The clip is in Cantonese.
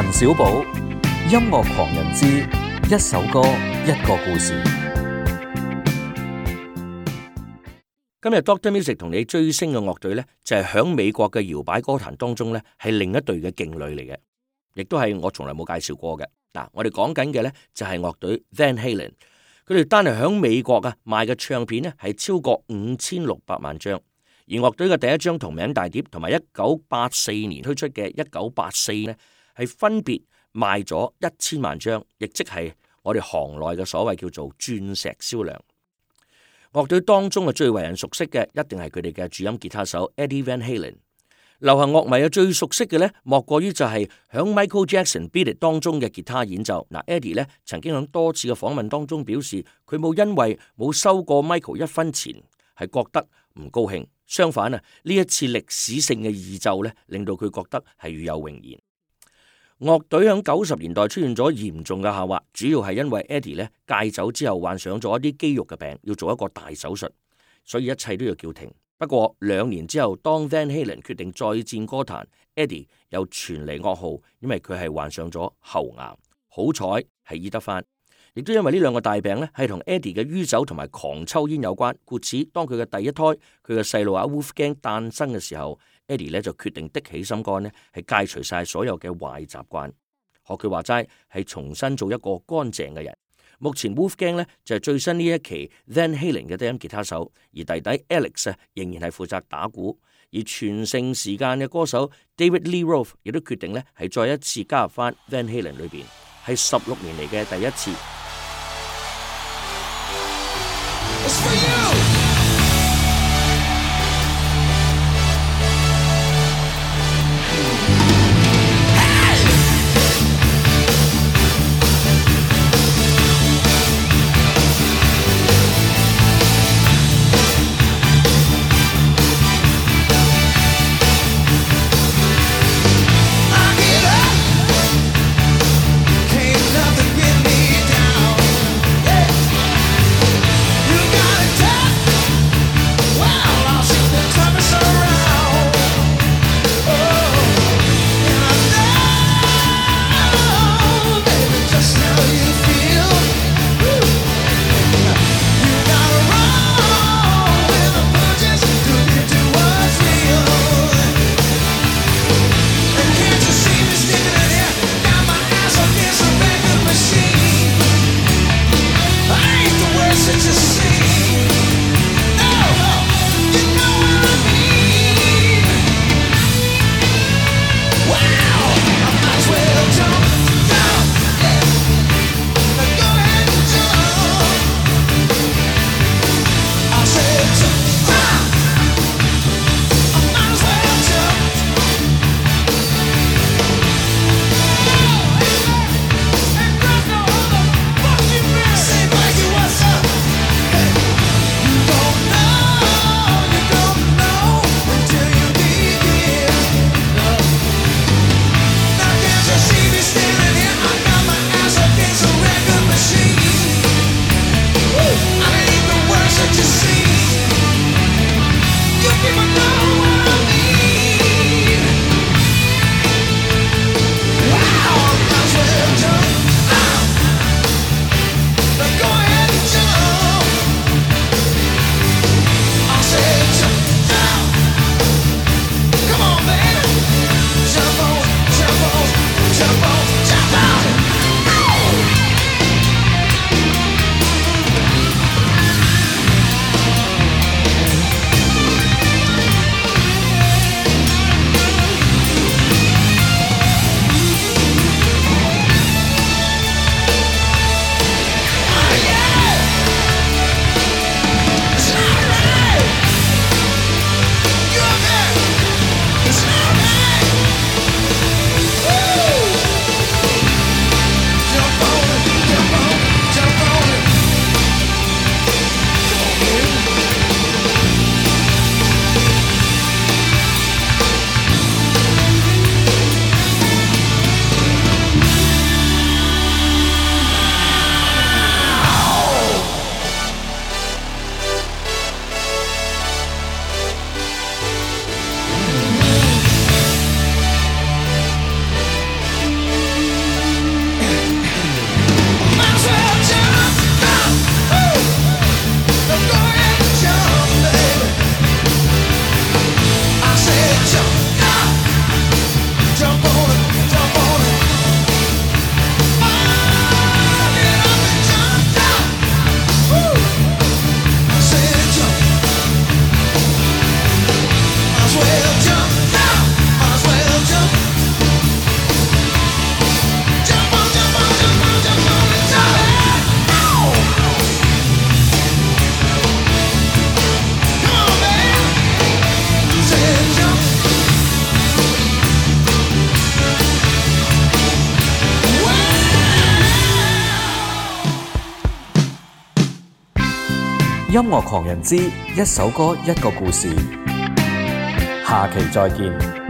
陳少寶，音樂狂人之一首歌一個故事。今日 Doctor Music 同你追星嘅樂隊呢，就係、是、響美國嘅搖擺歌壇當中呢，係另一隊嘅勁旅嚟嘅，亦都係我從來冇介紹過嘅。嗱、啊，我哋講緊嘅呢，就係、是、樂隊 Van Halen，佢哋單係響美國啊賣嘅唱片呢，係超過五千六百萬張，而樂隊嘅第一張同名大碟同埋一九八四年推出嘅一九八四呢。係分別賣咗一千萬張，亦即係我哋行內嘅所謂叫做鑽石銷量。樂隊當中嘅最為人熟悉嘅，一定係佢哋嘅主音吉他手 Eddie Van Halen。流行樂迷啊最熟悉嘅呢，莫過於就係響 Michael Jackson Beat It 當中嘅吉他演奏。嗱，Eddie 呢曾經響多次嘅訪問當中表示，佢冇因為冇收過 Michael 一分錢，係覺得唔高興。相反啊，呢一次歷史性嘅演奏呢，令到佢覺得係與有榮焉。樂隊喺九十年代出現咗嚴重嘅下滑，主要係因為 Eddie 咧，戒酒之後患上咗一啲肌肉嘅病，要做一個大手術，所以一切都要叫停。不過兩年之後，當 Van Halen 決定再戰歌壇，Eddie 又傳嚟噩耗，因為佢係患上咗喉癌，好彩係醫得翻。亦都因為呢兩個大病咧，係同 Eddie 嘅酗酒同埋狂抽煙有關。故此，當佢嘅第一胎佢嘅細路阿 Wolfgang 誕生嘅時候，Eddie 咧就決定的起心肝咧，係戒除晒所有嘅壞習慣，學佢話齋係重新做一個乾淨嘅人。目前 Wolf Gang 咧就係最新呢一期 Van Halen 嘅低音吉他手，而弟弟 Alex 啊仍然係負責打鼓，而全盛時間嘅歌手 David Lee Roth 亦都決定咧係再一次加入翻 Van Halen 裏邊，係十六年嚟嘅第一次。音樂狂人之一首歌、一個故事，下期再見。